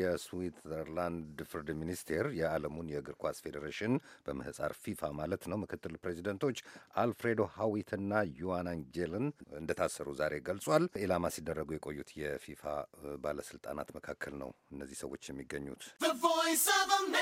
የስዊትዘርላንድ ፍርድ ሚኒስቴር የዓለሙን የእግር ኳስ ፌዴሬሽን በምህፃር ፊፋ ማለት ነው ምክትል ፕሬዚደንቶች አልፍሬዶ ሀዊትና ዩዋን አንጀልን እንደታሰሩ ዛሬ ገልጿል። ኢላማ ሲደረጉ የቆዩት የፊፋ ባለስልጣናት መካከል ነው እነዚህ ሰዎች የሚገኙት።